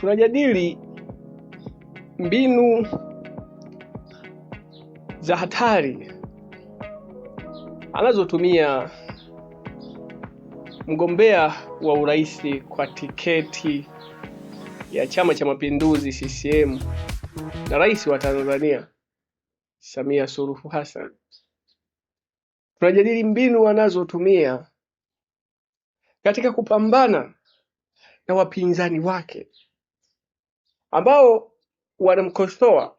tunajadili mbinu za hatari anazotumia mgombea wa urais kwa tiketi ya Chama cha Mapinduzi CCM na rais wa Tanzania Samia Suluhu Hassan. Tunajadili mbinu anazotumia katika kupambana na wapinzani wake ambao wanamkosoa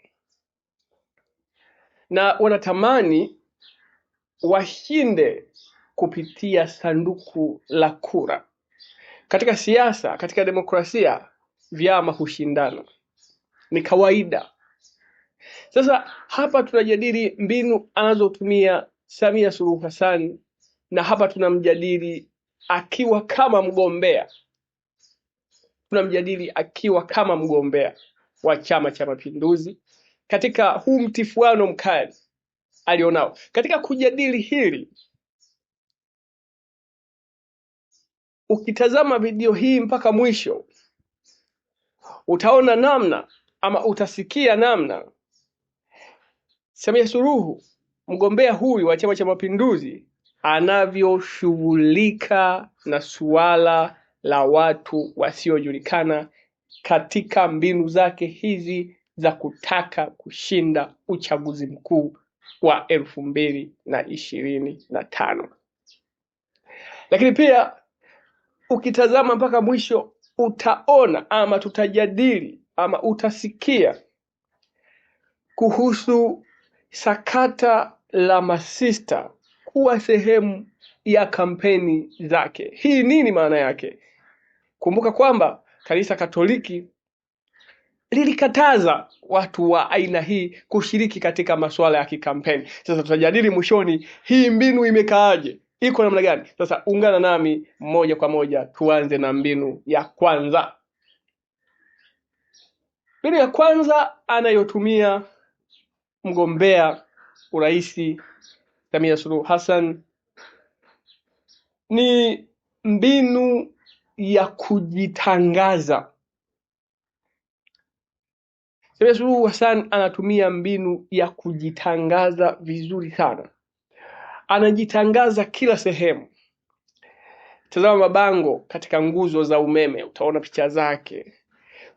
na wanatamani washinde kupitia sanduku la kura. Katika siasa, katika demokrasia, vyama hushindana, ni kawaida. Sasa hapa tunajadili mbinu anazotumia Samia Suluhu Hassan, na hapa tunamjadili akiwa kama mgombea tunamjadili akiwa kama mgombea wa Chama cha Mapinduzi katika huu mtifuano mkali alionao. Katika kujadili hili, ukitazama video hii mpaka mwisho, utaona namna ama utasikia namna Samia Suluhu mgombea huyu wa Chama cha Mapinduzi anavyoshughulika na suala la watu wasiojulikana katika mbinu zake hizi za kutaka kushinda uchaguzi mkuu wa elfu mbili na ishirini na tano. Lakini pia ukitazama mpaka mwisho utaona ama tutajadili ama utasikia kuhusu sakata la masista kuwa sehemu ya kampeni zake. Hii nini maana yake? Kumbuka kwamba kanisa Katoliki lilikataza watu wa aina hii kushiriki katika masuala ya kikampeni. Sasa tutajadili mwishoni hii mbinu imekaaje, iko namna gani? Sasa ungana nami moja kwa moja, tuanze na mbinu ya kwanza. Mbinu ya kwanza anayotumia mgombea urais Samia Suluhu Hassan ni mbinu ya kujitangaza. Samia Suluhu Hassan anatumia mbinu ya kujitangaza vizuri sana, anajitangaza kila sehemu. Tazama mabango katika nguzo za umeme, utaona picha zake.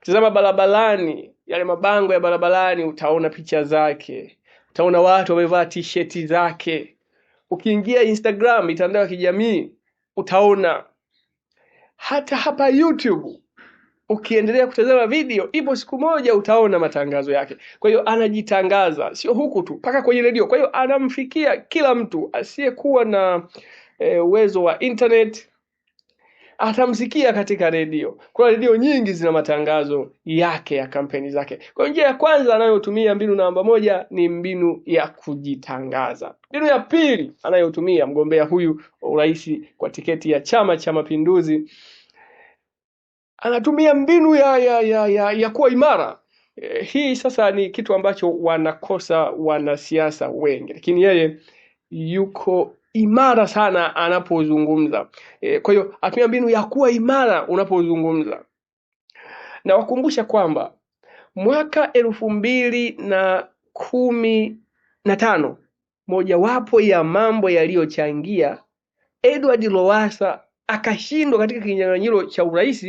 Tazama barabarani, yale mabango ya barabarani, utaona picha zake. Utaona watu wamevaa t-shirt zake. Ukiingia Instagram, mitandao ya kijamii, utaona hata hapa YouTube ukiendelea kutazama video ipo siku moja utaona matangazo yake. Kwa hiyo anajitangaza sio huku tu, mpaka kwenye redio. Kwa hiyo anamfikia kila mtu asiyekuwa na eh, uwezo e, wa internet atamsikia katika redio. Kuna redio nyingi zina matangazo yake ya kampeni zake. Kwa njia ya kwanza anayotumia mbinu namba moja ni mbinu ya kujitangaza. Mbinu ya pili anayotumia mgombea huyu wa urais kwa tiketi ya Chama cha Mapinduzi anatumia mbinu ya, ya, ya, ya, ya kuwa imara. E, hii sasa ni kitu ambacho wanakosa wanasiasa wengi, lakini yeye yuko imara sana anapozungumza. E, kwa hiyo atumia mbinu ya kuwa imara unapozungumza. Nawakumbusha kwamba mwaka elfu mbili na kumi na tano mojawapo ya mambo yaliyochangia Edward Lowassa akashindwa katika kinyang'anyiro cha urais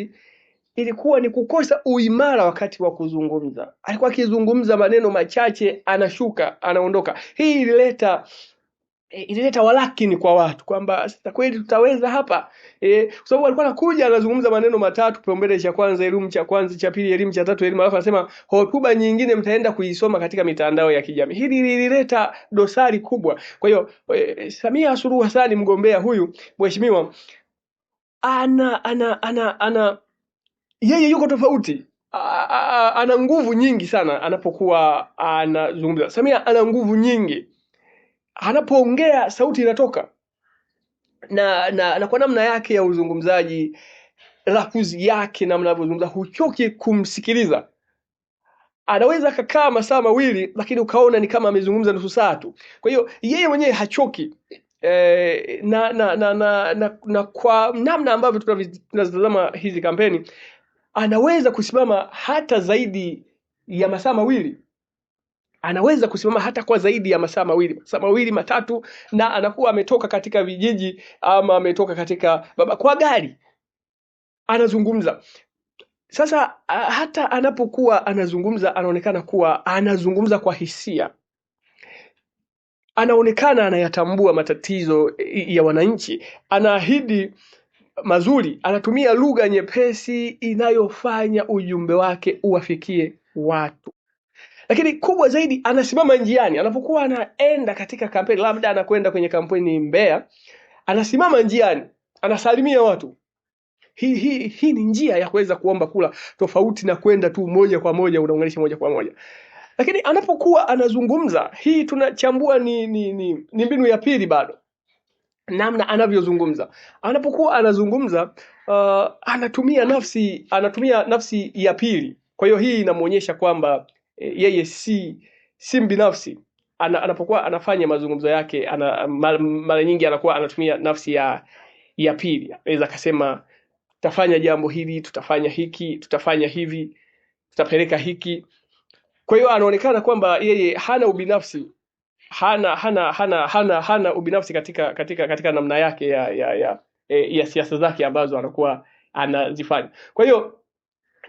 ilikuwa ni kukosa uimara wakati wa kuzungumza. Alikuwa akizungumza maneno machache, anashuka, anaondoka. Hii ilileta e, eh, walakini kwa watu kwamba sasa kweli tutaweza hapa e, kwa sababu alikuwa anakuja anazungumza maneno matatu, kipaumbele cha kwanza elimu, cha kwanza cha pili elimu, cha tatu elimu, alafu anasema hotuba nyingine mtaenda kuisoma katika mitandao ya kijamii. Hili lilileta dosari kubwa. Kwa hiyo e, Samia Suluhu Hassan mgombea huyu mheshimiwa ana ana ana ana yeye yuko tofauti ana nguvu nyingi sana anapokuwa anazungumza. Samia ana nguvu nyingi anapoongea sauti inatoka na, na, na kwa namna yake ya uzungumzaji lafuzi yake namna anavyozungumza huchoki kumsikiliza anaweza akakaa masaa mawili lakini ukaona ni kama amezungumza nusu saa tu kwa hiyo yeye mwenyewe hachoki e, na, na, na, na, na, na kwa namna ambavyo tunazitazama hizi kampeni anaweza kusimama hata zaidi ya masaa mawili anaweza kusimama hata kwa zaidi ya masaa mawili masaa mawili matatu, na anakuwa ametoka katika vijiji ama ametoka katika baba kwa gari anazungumza. Sasa hata anapokuwa anazungumza, anaonekana kuwa anazungumza kwa hisia, anaonekana anayatambua matatizo e, ya wananchi, anaahidi mazuri, anatumia lugha nyepesi inayofanya ujumbe wake uwafikie watu. Lakini kubwa zaidi, anasimama njiani anapokuwa anaenda katika kampeni, labda anakwenda kwenye kampeni Mbeya, anasimama njiani anasalimia watu. Hii hii hi, ni njia ya kuweza kuomba kula, tofauti na kwenda tu moja kwa moja unaunganisha moja kwa moja. Lakini anapokuwa anazungumza, hii tunachambua ni ni, ni, ni mbinu ya pili bado namna anavyozungumza. Anapokuwa anazungumza uh, anatumia nafsi anatumia nafsi ya pili. Kwa hiyo hii inamuonyesha kwamba Eh, yeye si si mbinafsi ana, anapokuwa anafanya mazungumzo yake ana, mara nyingi anakuwa anatumia nafsi ya ya pili. Anaweza akasema tutafanya jambo hili, tutafanya hiki, tutafanya hivi, tutapeleka hiki. Kwa hiyo anaonekana kwamba yeye hana ubinafsi hana hana hana hana hana ubinafsi katika katika katika namna yake ya ya ya, ya, eh, ya siasa zake ambazo anakuwa anazifanya. Kwa hiyo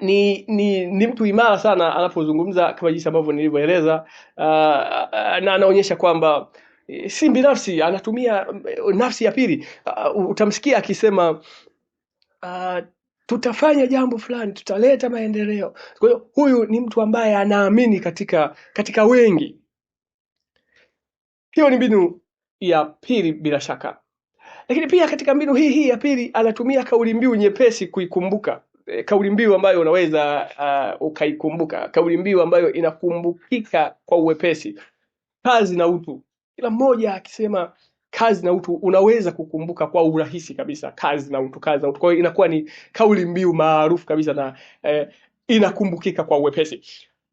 ni, ni ni mtu imara sana anapozungumza kama jinsi ambavyo nilivyoeleza, uh, uh na anaonyesha kwamba eh, si binafsi, anatumia eh, nafsi ya pili. Uh, utamsikia akisema uh, tutafanya jambo fulani, tutaleta maendeleo. Kwa hiyo huyu ni mtu ambaye anaamini katika katika wengi. Hiyo ni mbinu ya pili bila shaka, lakini pia katika mbinu hii hii ya pili anatumia kauli mbiu nyepesi kuikumbuka Eh, kauli mbiu ambayo unaweza uh, ukaikumbuka, kauli mbiu ambayo inakumbukika kwa uwepesi, kazi na utu. Kila mmoja akisema kazi na utu, unaweza kukumbuka kwa urahisi kabisa, kazi na utu, kazi na utu. Kwa hiyo inakuwa ni kauli mbiu maarufu kabisa na eh, inakumbukika kwa uwepesi.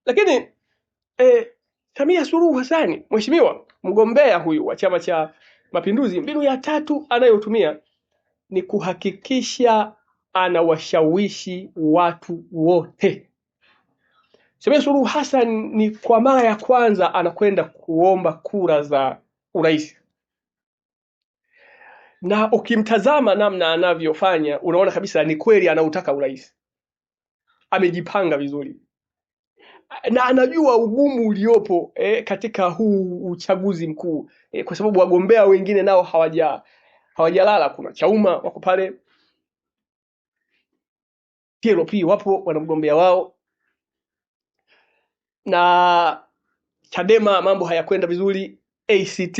Lakini eh, Samia Suluhu Hassan, mheshimiwa mgombea huyu wa Chama cha Mapinduzi, mbinu ya tatu anayotumia ni kuhakikisha anawashawishi watu wote. Samia Suluhu Hassan ni kwa mara ya kwanza anakwenda kuomba kura za urais, na ukimtazama namna anavyofanya unaona kabisa ni kweli anautaka urais. Amejipanga vizuri na anajua ugumu uliopo eh, katika huu uchaguzi mkuu eh, kwa sababu wagombea wengine nao hawaja hawajalala. Kuna Chauma wako pale, PLP wapo wanamgombea wao, na Chadema mambo hayakwenda vizuri ACT,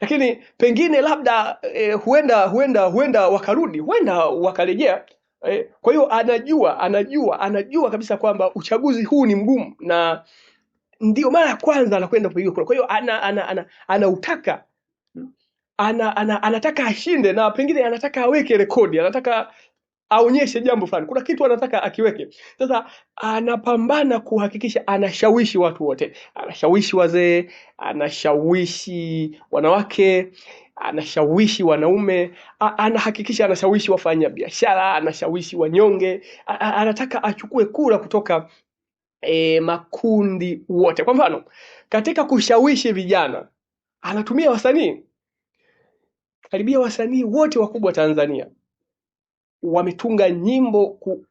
lakini pengine labda eh, huenda huenda huenda wakarudi, huenda wakarejea eh, kwa hiyo anajua anajua anajua kabisa kwamba uchaguzi huu ni mgumu, na ndio mara ya kwanza anakwenda kupiga kura, kwa hiyo ana ana ana anautaka ana, ana, anataka ashinde na pengine anataka aweke rekodi, anataka aonyeshe jambo fulani, kuna kitu anataka akiweke. Sasa anapambana kuhakikisha anashawishi watu wote, anashawishi wazee, anashawishi wanawake, anashawishi wanaume, anahakikisha anashawishi wafanya biashara, anashawishi wanyonge, anataka achukue kura kutoka e, makundi wote. Kwa mfano, katika kushawishi vijana anatumia wasanii, karibia wasanii wote wakubwa Tanzania wametunga nyimbo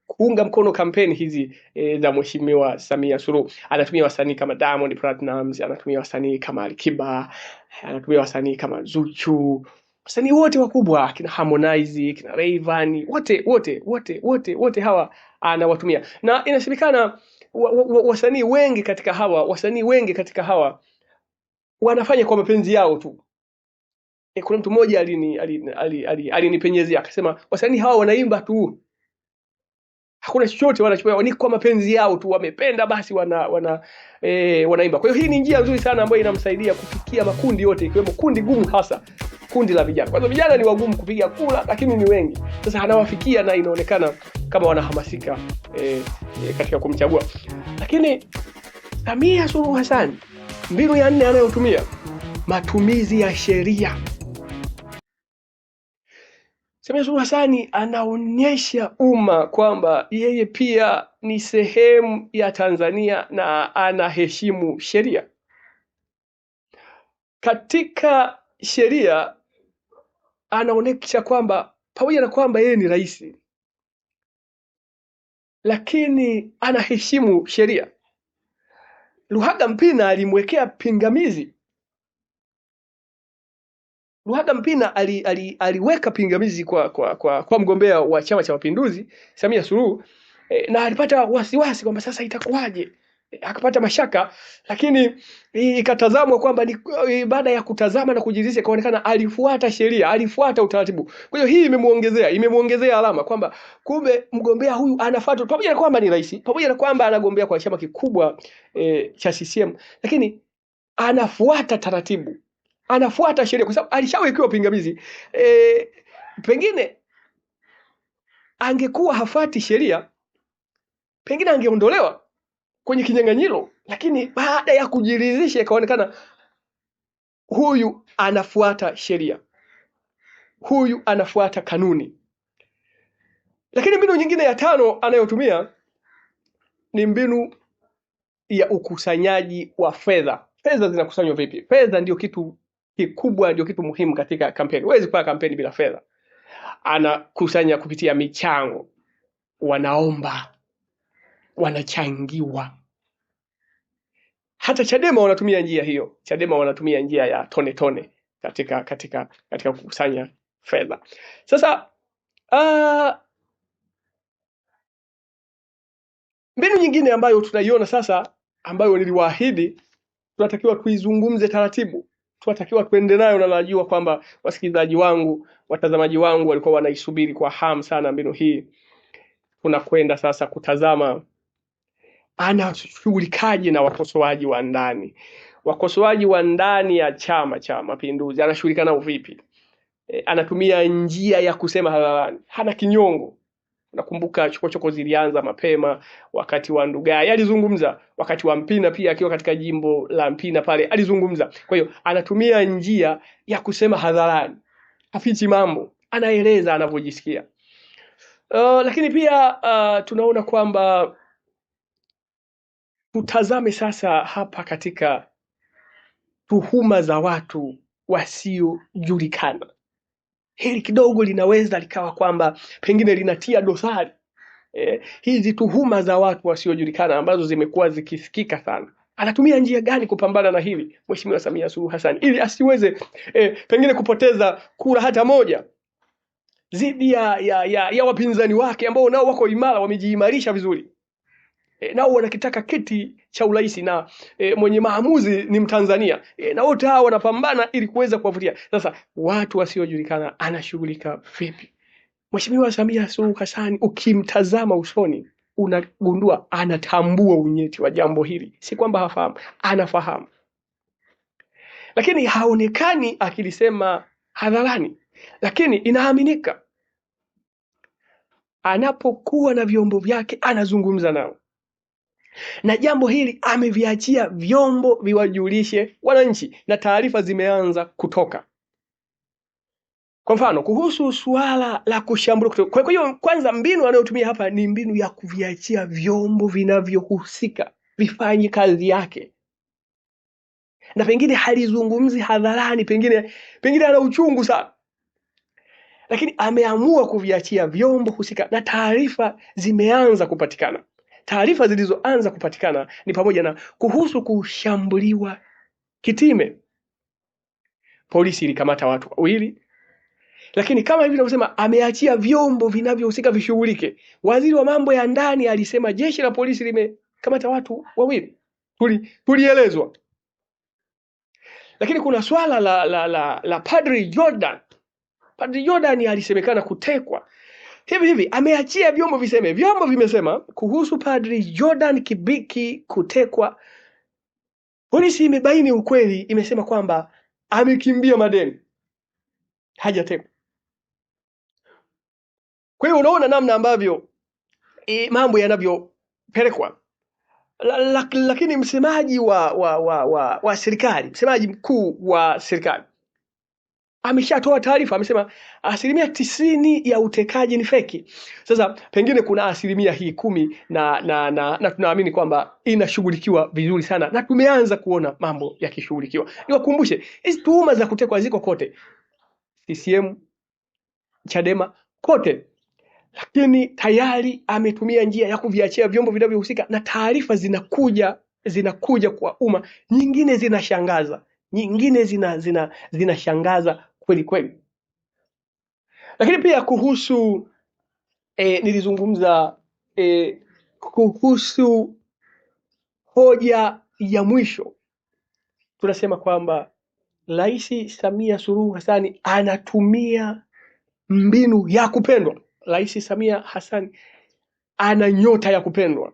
kuunga mkono kampeni hizi e, za Mheshimiwa Samia Suluhu. Anatumia wasanii kama Diamond Platnumz, anatumia wasanii kama Alikiba, anatumia wasanii kama Zuchu, wasanii wote wakubwa kina Harmonize, kina Rayvanny, wote wote wote wote wote hawa anawatumia, na inasemekana wa, wa, wasanii wengi katika hawa wasanii wengi katika hawa wanafanya kwa mapenzi yao tu E, kuna mtu mmoja alini alinipenyezea alini, alini, alini akasema wasanii hawa wanaimba tu, hakuna chochote wanachoa, ni kwa mapenzi yao tu, wamependa basi wana wana e, wanaimba. Kwa hiyo hii ni njia nzuri sana ambayo inamsaidia kufikia makundi yote, ikiwemo kundi gumu, hasa kundi la vijana. kwa Kwanza vijana ni wagumu kupiga kula, lakini ni wengi. Sasa anawafikia na inaonekana kama wanahamasika e, e, katika kumchagua. Lakini Samia Suluhu Hassan, mbinu ya nne anayotumia matumizi ya sheria Samia Suluhu Hassan anaonyesha umma kwamba yeye pia ni sehemu ya Tanzania na anaheshimu sheria. Katika sheria anaonyesha kwamba pamoja na kwamba yeye ni rais, lakini anaheshimu sheria. Luhaga Mpina alimwekea pingamizi Luhaga Mpina ali, ali, aliweka pingamizi kwa, kwa, kwa, kwa mgombea wa Chama cha Mapinduzi Samia Suluhu e, na alipata wasiwasi kwamba sasa itakuwaje eh, akapata mashaka lakini ikatazamwa kwamba baada ya kutazama na kujiridhisha ikaonekana alifuata sheria, alifuata utaratibu. Kwa hiyo hii imemuongezea imemuongezea alama kwamba kumbe mgombea huyu anafuata, pamoja na kwamba ni rais, pamoja na kwamba anagombea kwa chama kikubwa e, cha CCM, lakini anafuata taratibu anafuata sheria kwa sababu alishawekewa pingamizi e, pengine angekuwa hafati sheria pengine angeondolewa kwenye kinyang'anyiro, lakini baada ya kujiridhisha ikaonekana huyu anafuata sheria, huyu anafuata kanuni. Lakini mbinu nyingine ya tano anayotumia ni mbinu ya ukusanyaji wa fedha. Fedha zinakusanywa vipi? Fedha ndio kitu kikubwa ndio kitu muhimu katika kampeni. Huwezi kufanya kampeni bila fedha. Anakusanya kupitia michango, wanaomba, wanachangiwa. Hata Chadema wanatumia njia hiyo. Chadema wanatumia njia ya tone tone katika katika katika kukusanya fedha. Sasa uh, mbinu nyingine ambayo tunaiona sasa ambayo niliwaahidi tunatakiwa tuizungumze taratibu tunatakiwa tuende nayo, na najua kwamba wasikilizaji wangu, watazamaji wangu walikuwa wanaisubiri kwa hamu sana mbinu hii. Tunakwenda sasa kutazama anashughulikaje na wakosoaji wa ndani, wakosoaji wa ndani ya Chama cha Mapinduzi, anashughulika nao vipi? E, anatumia njia ya kusema hadharani, hana kinyongo Nakumbuka chokochoko zilianza mapema wakati wa Ndugai, alizungumza wakati wa Mpina pia, akiwa katika jimbo la Mpina pale alizungumza. Kwa hiyo anatumia njia ya kusema hadharani, hafichi mambo, anaeleza anavyojisikia. Uh, lakini pia uh, tunaona kwamba tutazame sasa hapa katika tuhuma za watu wasiojulikana hili kidogo linaweza likawa kwamba pengine linatia dosari eh, hizi tuhuma za watu wasiojulikana ambazo zimekuwa zikisikika sana anatumia njia gani kupambana na hili Mheshimiwa Samia Suluhu Hassan ili asiweze eh, pengine kupoteza kura hata moja dhidi ya, ya, ya, ya wapinzani wake ambao nao wako imara, wamejiimarisha vizuri e, nao wanakitaka kiti cha urais na e, mwenye maamuzi ni Mtanzania e, na wote hawa wanapambana ili kuweza kuwavutia. Sasa watu wasiojulikana anashughulika vipi? Mheshimiwa Samia Suluhu Hassan ukimtazama usoni unagundua anatambua unyeti wa jambo hili, si kwamba hafahamu, anafahamu, lakini haonekani akilisema hadharani, lakini inaaminika. Anapokuwa na vyombo vyake anazungumza nao, na jambo hili ameviachia vyombo viwajulishe wananchi, na taarifa zimeanza kutoka, kwa mfano kuhusu suala la kushambulia. Kwa hiyo kwanza, mbinu anayotumia hapa ni mbinu ya kuviachia vyombo vinavyohusika vifanye kazi yake, na pengine halizungumzi hadharani, pengine pengine ana uchungu sana lakini ameamua kuviachia vyombo husika na taarifa zimeanza kupatikana. Taarifa zilizoanza kupatikana ni pamoja na kuhusu kushambuliwa Kitime, polisi ilikamata watu wawili, lakini kama hivi navyosema, ameachia vyombo vinavyohusika vishughulike. Waziri wa mambo ya ndani alisema jeshi la polisi limekamata watu wawili, tulielezwa lakini kuna swala la, la, la, la Padri Jordan. Padri Jordan alisemekana kutekwa hivi hivi ameachia vyombo viseme. Vyombo vimesema kuhusu Padri Jordan Kibiki kutekwa. Polisi imebaini ukweli, imesema kwamba amekimbia madeni, hajatekwa. Kwa hiyo unaona namna ambavyo e, mambo yanavyopelekwa. Lakini msemaji wa wa wa wa, wa serikali msemaji mkuu wa serikali ameshatoa taarifa, amesema asilimia tisini ya utekaji ni feki. Sasa pengine kuna asilimia hii kumi na, na, na, na tunaamini kwamba inashughulikiwa vizuri sana na tumeanza kuona mambo yakishughulikiwa. Niwakumbushe hizi tuhuma za kutekwa ziko kote CCM, Chadema kote lakini tayari ametumia njia ya kuviachia vyombo vinavyohusika na taarifa zinakuja zinakuja kwa umma, nyingine zinashangaza, nyingine zina, zinashangaza zina, kweli kweli. Lakini pia kuhusu e, nilizungumza e, kuhusu hoja ya mwisho, tunasema kwamba Rais Samia Suluhu Hassan anatumia mbinu ya kupendwa. Rais Samia Hassan ana nyota ya kupendwa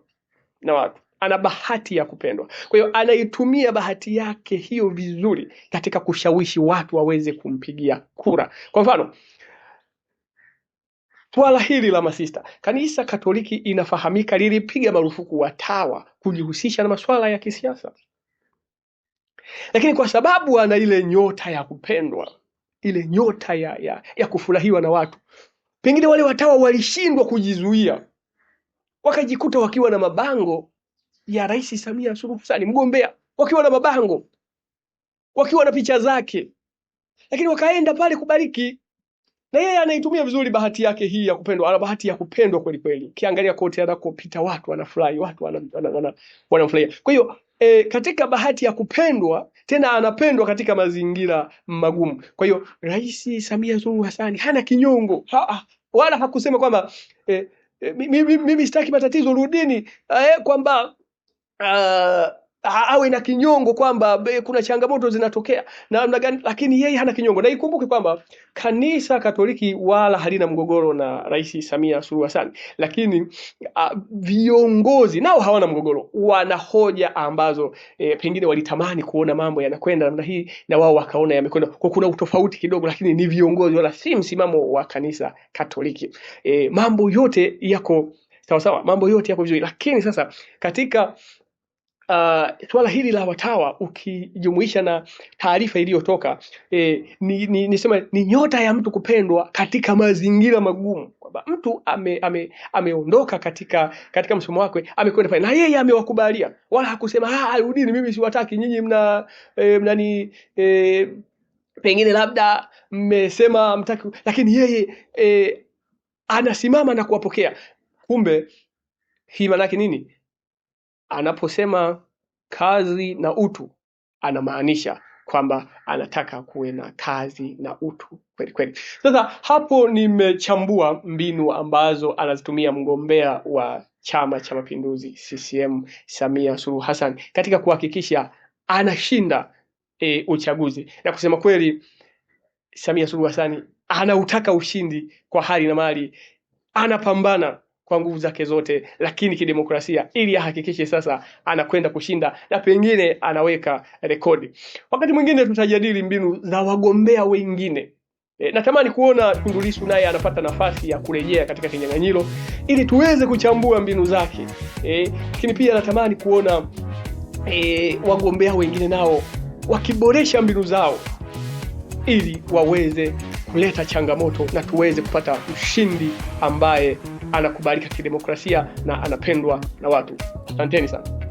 na watu ana bahati ya kupendwa. Kwa hiyo anaitumia bahati yake hiyo vizuri katika kushawishi watu waweze kumpigia kura. Kwa mfano swala hili la masista, kanisa Katoliki inafahamika lilipiga marufuku watawa kujihusisha na masuala ya kisiasa, lakini kwa sababu ana ile nyota ya kupendwa, ile nyota ya, ya, ya kufurahiwa na watu, pengine wale watawa walishindwa kujizuia wakajikuta wakiwa na mabango ya Rais Samia Suluhu Hassan, mgombea, wakiwa na mabango, wakiwa na picha zake, lakini wakaenda pale kubariki na yeye anaitumia vizuri bahati yake hii ya kupendwa. Ana bahati ya kupendwa kweli kweli, Kiangalia kote anakopita watu wanafurahi, watu wanamfurahia. Kwa hiyo e, katika bahati ya kupendwa tena anapendwa katika mazingira magumu. Kwa hiyo Rais Samia Suluhu Hassan hana kinyongo ha, ha, wala hakusema kwamba e, eh, e, eh, mimi, mi, mi, mi, sitaki matatizo, rudini e, kwamba uh, awe na kinyongo kwamba kuna changamoto zinatokea na namna gani, lakini yeye hana kinyongo. Na ikumbuke kwamba kanisa Katoliki wala halina mgogoro na Rais Samia Suluhu Hassan, lakini uh, viongozi nao hawana mgogoro, wana hoja ambazo eh, pengine walitamani kuona mambo yanakwenda namna hii na wao wakaona yamekwenda kwa, kuna utofauti kidogo, lakini ni viongozi wala si msimamo wa kanisa Katoliki. Eh, mambo yote yako sawa sawa, mambo yote yako vizuri, lakini sasa katika uh, swala hili la watawa ukijumuisha na taarifa iliyotoka e, ni, ni, ni nyota ya mtu kupendwa katika mazingira magumu kwamba mtu ame, ame, ameondoka katika katika msomo wake amekwenda pale na yeye amewakubalia wala hakusema ah, arudini mimi siwataki nyinyi mna e, mnani e, pengine labda mmesema mtaki lakini yeye e, anasimama na kuwapokea kumbe hii maanake nini Anaposema kazi na utu, anamaanisha kwamba anataka kuwe na kazi na utu kweli kweli. Sasa hapo nimechambua mbinu ambazo anazitumia mgombea wa Chama cha Mapinduzi CCM Samia Suluhu Hassan katika kuhakikisha anashinda e, uchaguzi na kusema kweli, Samia Suluhu Hassan anautaka ushindi kwa hali na mali, anapambana kwa nguvu zake zote, lakini kidemokrasia, ili ahakikishe sasa anakwenda kushinda na pengine anaweka rekodi. Wakati mwingine tutajadili mbinu za wagombea wengine. E, natamani kuona Tundu Lissu naye anapata nafasi ya kurejea katika kinyang'anyiro ili tuweze kuchambua mbinu zake. E, lakini e, pia natamani kuona e, wagombea wengine nao wakiboresha mbinu zao ili waweze kuleta changamoto na tuweze kupata mshindi ambaye anakubalika kidemokrasia na anapendwa na watu. Asanteni sana.